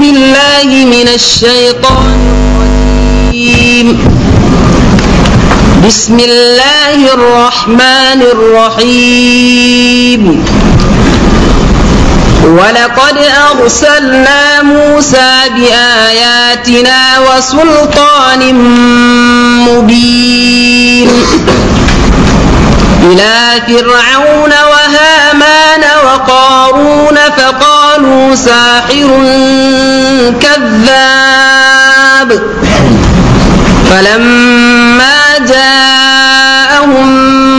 بالله من الشيطان الرجيم بسم الله الرحمن الرحيم ولقد أرسلنا موسى بآياتنا وسلطان مبين إلى فرعون وهامان وقارون فقال قالوا ساحر كذاب فلما جاءهم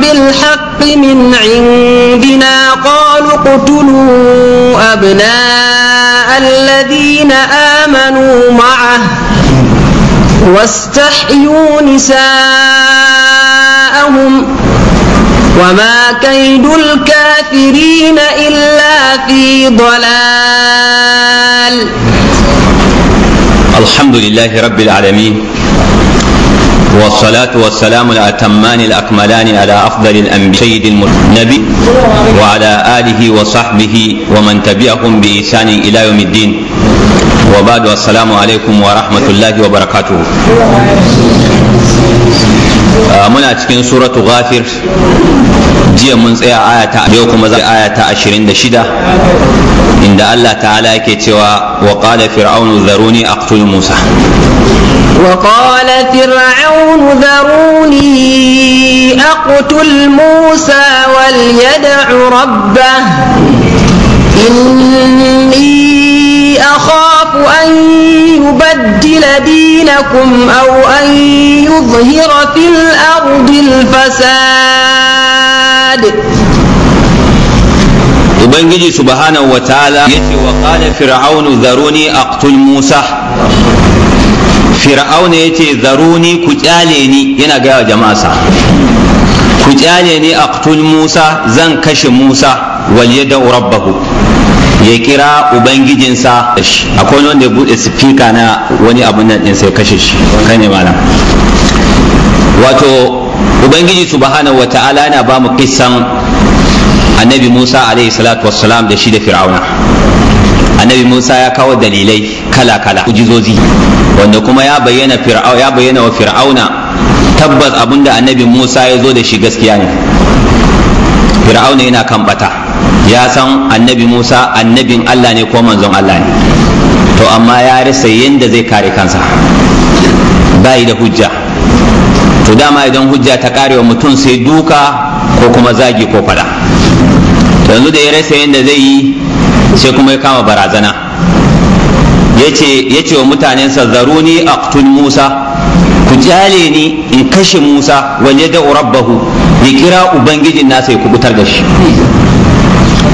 بالحق من عندنا قالوا اقتلوا أبناء الذين آمنوا معه واستحيوا نساءهم وما كيد الكافرين إلا في ضلال الحمد لله رب العالمين والصلاة والسلام الأتمان الأكملان على أفضل الأنبياء سيد النبي وعلى آله وصحبه ومن تبعهم بإحسان إلى يوم الدين وبعد والسلام عليكم ورحمة الله وبركاته muna cikin suratu ghafir jiya mun tsaya ayata ta yau kuma za aya ta 26 inda Allah ta'ala yake cewa wa qala fir'aunu dharuni aqtul musa وقال فرعون ذروني أقتل موسى وليدع ربه إني أخاف أن يبدل دينكم أو أن يظهر في الأرض الفساد Ubangiji subhanahu wa ta'ala ya ce wa ƙala fir'aunu zaruni aqtul Musa fir'auna ya ce zaruni ku kyale ni yana gaya wa jama'asa ku kyale ni aqtul Musa zan kashe Musa wal yadda rabbahu ya kira ubangijinsa akwai wanda ya bude sifika na wani abun nan ɗin sai kashe shi kan ne malam wato ubangiji subhanahu ta'ala yana ba mu kisan annabi musa alaihi salatu wassalam da shi da fir'auna annabi musa ya kawo dalilai kala-kala ujizozi wanda kuma ya bayyana ya bayyana wa fir'auna tabbas abinda annabi musa ya zo da shi gaskiya ne fir'auna yana kan bata ya san annabi Musa annabin Allah ne ko manzon Allah ne to amma ya rasa yadda zai kare kansa bai da hujja to dama idan hujja ta karewa mutum sai duka ko kuma zagi ko fada yanzu da ya rasa yadda zai yi sai kuma ya kama barazana ya ce wa mutanensa zaruni aqtul musa ku jale ni in kashe musa wanne da rabbahu ya kira ubangijin nasa ya kubutar da shi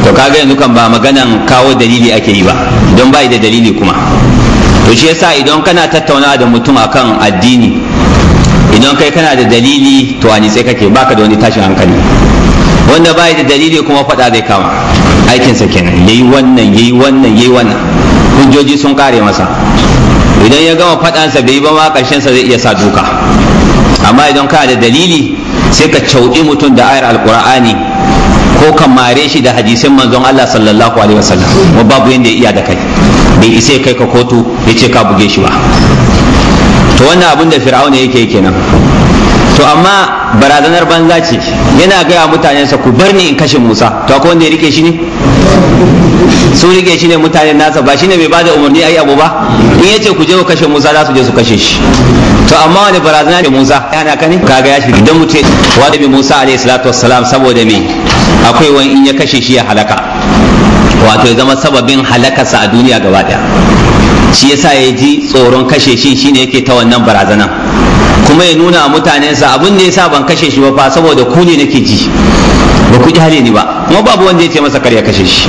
to kaga yanzu kan ba maganan kawo dalili ake yi ba don bai da dalili kuma to shi yasa idan kana tattaunawa da mutum akan addini idan kai kana da dalili to a nitse kake baka da wani tashin hankali wanda bai da dalili kuma faɗa zai kama aikinsa kenan yayi wannan yayi wannan yayi wannan hujjoji sun kare masa idan ya gama faɗansa bai ba ma ƙarshensa zai iya sa duka amma idan kana da dalili sai ka cauɗi mutum da ayar alkur'ani ko kan mare shi da hadisin manzon Allah sallallahu alaihi wasallam mu babu yanda ya iya da kai bai isa kai ka kotu ya ce ka buge shi ba to wannan abin da fir'auna yake kenan to amma barazanar banza ce yana gaya mutanensa ku bar ni in kashe musa to akwai wanda ya rike shi ne su rike shi ne mutanen nasa ba shine mai bada umarni ayi abu ba in yace ku je ku kashe musa za su je su kashe shi to amma wani barazana ne Musa ya na kani kaga ya shi dan mutum wanda bi Musa alayhi salatu wassalam saboda me akwai wani in ya kashe shi ya halaka wato ya zama sababin halakarsa a duniya gaba daya shi yasa ya ji tsoron kashe shi shine yake ta wannan barazana kuma ya nuna a mutanensa abin da yasa ban kashe shi ba fa saboda ku ne nake ji ba ku ji hali ni ba kuma babu wanda ya ce masa kar ya kashe shi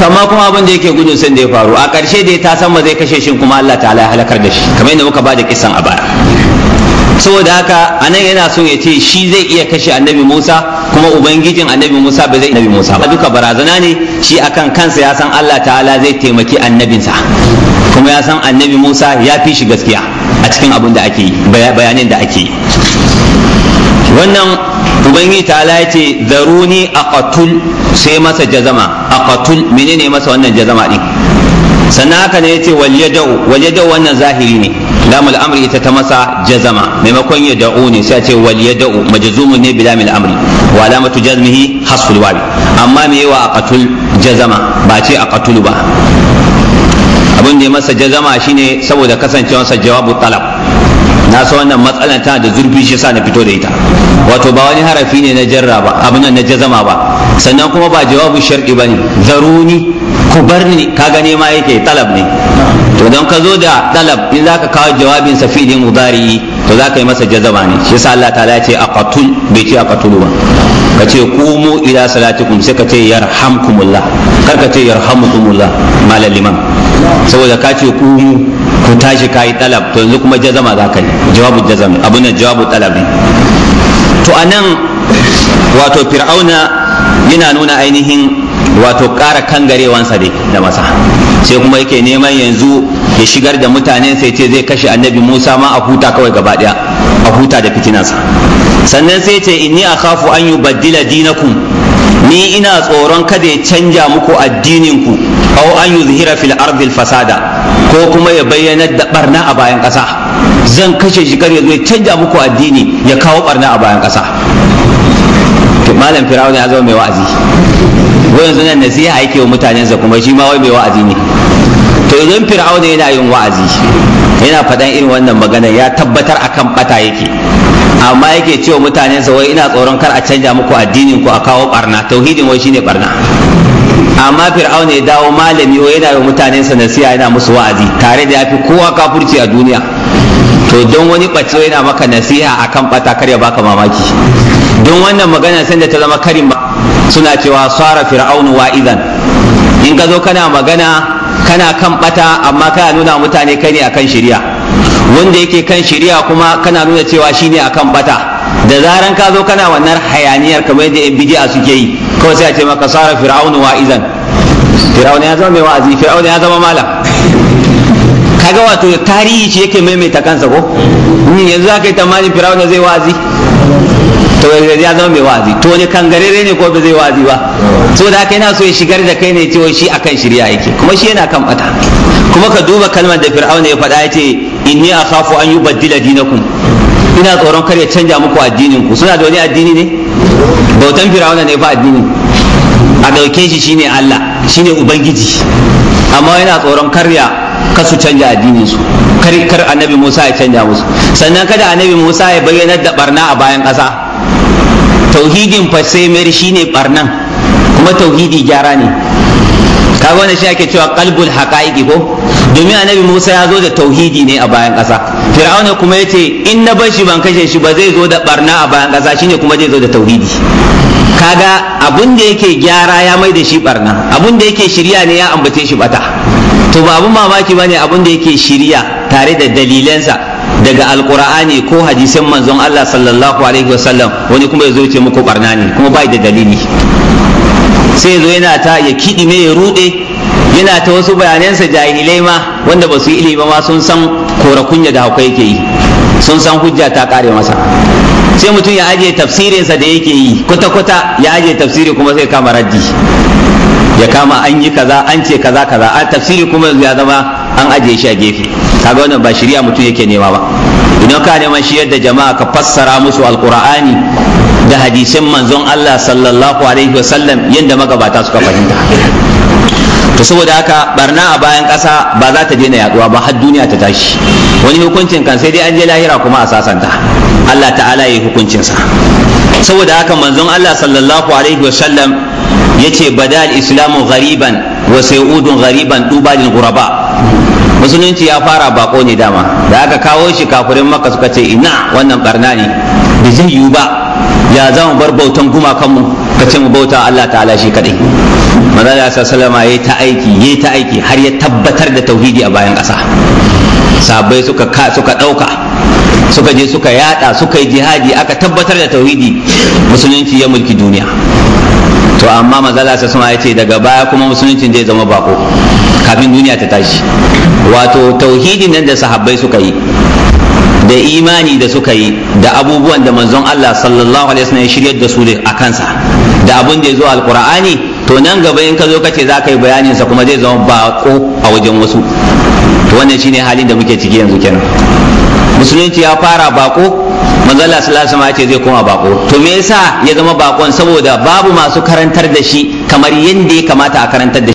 to amma kuma abin da yake gudun sun da ya faru a ƙarshe da ta san ba zai kashe shi kuma Allah ta'ala ya halakar da shi kamar yadda muka ba da kisan a baya saboda haka anan yana son ya ce shi zai iya kashe annabi Musa kuma ubangijin annabi Musa ba zai annabi Musa ba duka barazana ne shi akan kansa ya san Allah ta'ala zai taimaki annabinsa kuma ya san annabi Musa ya fi shi gaskiya a cikin abin da ake bayanin da ake wannan ubangiji ta ala ce zaruni aqatul sai masa jazama a aqatul menene masa wannan jazama ɗin sannan haka ne yace wal yad'u wannan zahiri ne lamul amri ita ta masa jazama maimakon ya da'u ne sai ce wal yad'u majzumun ne bilamil amri wa alamatu jazmihi hasful wabi amma me yawa aqatul jazama ba ce aqatul ba abin da ya masa jazama shine saboda kasancewarsa jawabu talab na san wannan matsalan tana da zurfi shi sa na fito da ita wato ba wani harafi ne na jarra ba abin nan na jazama ba sannan kuma ba jawabu shar'i bane zaruni ku bar ni ka gane ma yake talab ne to don ka zo da talab in zaka kawo jawabin sa fi'li mudari to zaka yi masa jazama ne shi sa Allah ta'ala ce aqatul bai ce aqatul ba ka ce kumu ila salatikum sai ka ce yarhamkumullah kar ka ce yarhamukumullah malal saboda ka ce ku ku tashi ka yi talab to yanzu kuma jazama za ka yi jawabu jazam abin da jawabu talab ne to a nan wato fir'auna yana nuna ainihin wato ƙara kangarewansa dai da masa sai kuma yake neman yanzu ya shigar da mutanen sai ce zai kashe annabi musa ma a huta kawai gaba ɗaya a huta da fitinansa sannan sai ce inni akhafu an yubaddila dinakum ni ina tsoron kada ya canja muku addinin ku aw an yuzhira fil ardi fasada ko kuma ya bayyana da barna a bayan kasa zan kashe shi kar ya zo canja muku addini ya kawo barna a bayan kasa to malam firawun ya zama mai wa'azi ko yanzu nan nasiha yake wa sa kuma shi ma wai mai wa'azi ne to idan firawun yana yin wa'azi yana faɗan irin wannan magana ya tabbatar akan bata yake amma yake cewa mutane sa wai ina tsoron kar a canja muku addinin ku a kawo barna tauhidin wai shine barna amma fir'aun ya dawo malami wai yana wa mutane sa nasiha yana musu wa'azi tare da yafi kowa kafurci a duniya to don wani bace yana maka nasiha akan bata kar ya baka mamaki don wannan magana sanda ta zama karin ba suna cewa sara fir'aunu wa'izan in ka zo kana magana kana kan bata amma kana nuna mutane kai ne akan shari'a wanda yake kan shari'a kuma kana nuna cewa shine akan bata da zaran ka zo kana wannan hayaniyar kamar yadda yan bidi'a suke yi kawai sai a ce maka sara fir'aunu izan. fir'aunu ya zama mai wa'azi fir'aunu ya zama malam kaga wato tarihi ce yake maimaita kansa ko ni yanzu za ka yi tamani firawuna zai wa'azi to ya zama mai wa'azi to wani garere ne ko ba zai wa'azi ba so da haka yana so ya shigar da kai ne cewa shi akan shirya yake kuma shi yana kan bata kuma ka duba kalmar da fir'auna ya faɗa ya ce inni akhafu an yubaddila dinakum ina tsoron kar ya canja muku addinin ku suna da wani addini ne bautan fir'auna ne fa addini a dauke shi shine Allah shine ubangiji amma yana tsoron karya kar su canja addinin su kar kar annabi Musa ya canja musu sannan kada annabi Musa ya bayyana da barna a bayan ƙasa tauhidin fa sai mai shine barnan kuma tauhidi gyara ne kaga wannan shi ake cewa kalbul haqaiqi ko domin annabi Musa ya zo da tauhidi ne a bayan ƙasa Fir'auna kuma yace in na bar shi ban kashe shi ba zai zo da barna a bayan ƙasa shine kuma zai zo da tauhidi kaga abun da yake gyara ya mai da shi barna abun da yake shirya ne ya ambace shi bata to ba abun mamaki bane abun da yake shirya tare da dalilansa daga alkur'ani ko hadisin manzon Allah sallallahu alaihi wasallam wani kuma ya zo ce muku barna ne kuma bai da dalili sai zo yana ta ya kiɗi me ya ruɗe yana ta wasu bayanansa jahilai ma wanda ba su yi ilimi ma sun san kora kunya da hauka yake yi sun san hujja ta kare masa sai mutum ya ajiye tafsirinsa da yake yi kwata-kwata ya ajiye tafsiri kuma sai kama raddi ya kama an yi kaza an ce kaza kaza a tafsiri kuma ya zama an ajiye shi a gefe kaga wannan ba shirya mutum yake nema ba idan ka neman shi yadda jama'a ka fassara musu alqur'ani da hadisin manzon Allah sallallahu alaihi wasallam yadda magabata suka fahimta to saboda haka barna a bayan ƙasa ba za ta daina yaduwa ba har duniya ta tashi wani hukuncin kan sai dai an je lahira kuma a sasanta Allah ta'ala ya yi hukuncinsa saboda haka manzon Allah sallallahu alaihi wasallam ya ce badal islamu ghariban wa sayudun ghariban duba ghuraba musulunci ya fara bako ne dama da aka kawo shi kafirin maka suka ce ina wannan barna ne da zai yiwu ba ya za mu bar bautan gumakanmu ka ce mu bauta Allah ta'ala shi kadai manzo Allah sallallahu alaihi ta aiki yayi ta aiki har ya tabbatar da tauhidi a bayan ƙasa sabai suka suka dauka suka je suka yada suka yi jihadi aka tabbatar da tauhidi musulunci ya mulki duniya to amma mazala sa suna ce daga baya kuma musuluncin zai zama bako kafin duniya ta tashi wato tauhidin nan da sahabbai suka yi da imani da suka yi da abubuwan da manzon Allah sallallahu alaihi wasallam ya shiryar da su a kansa da abin da ya zo alqur'ani to nan gaba in ka zo kace za ka yi bayanin sa kuma zai zama bako a wajen wasu to wannan shine halin da muke ciki yanzu kenan musulunci ya fara bako manzon Allah sallallahu alaihi wasallam ya ce zai koma bako to me yasa ya zama bakon saboda babu masu karantar da shi kamar yadda ya kamata a karantar da shi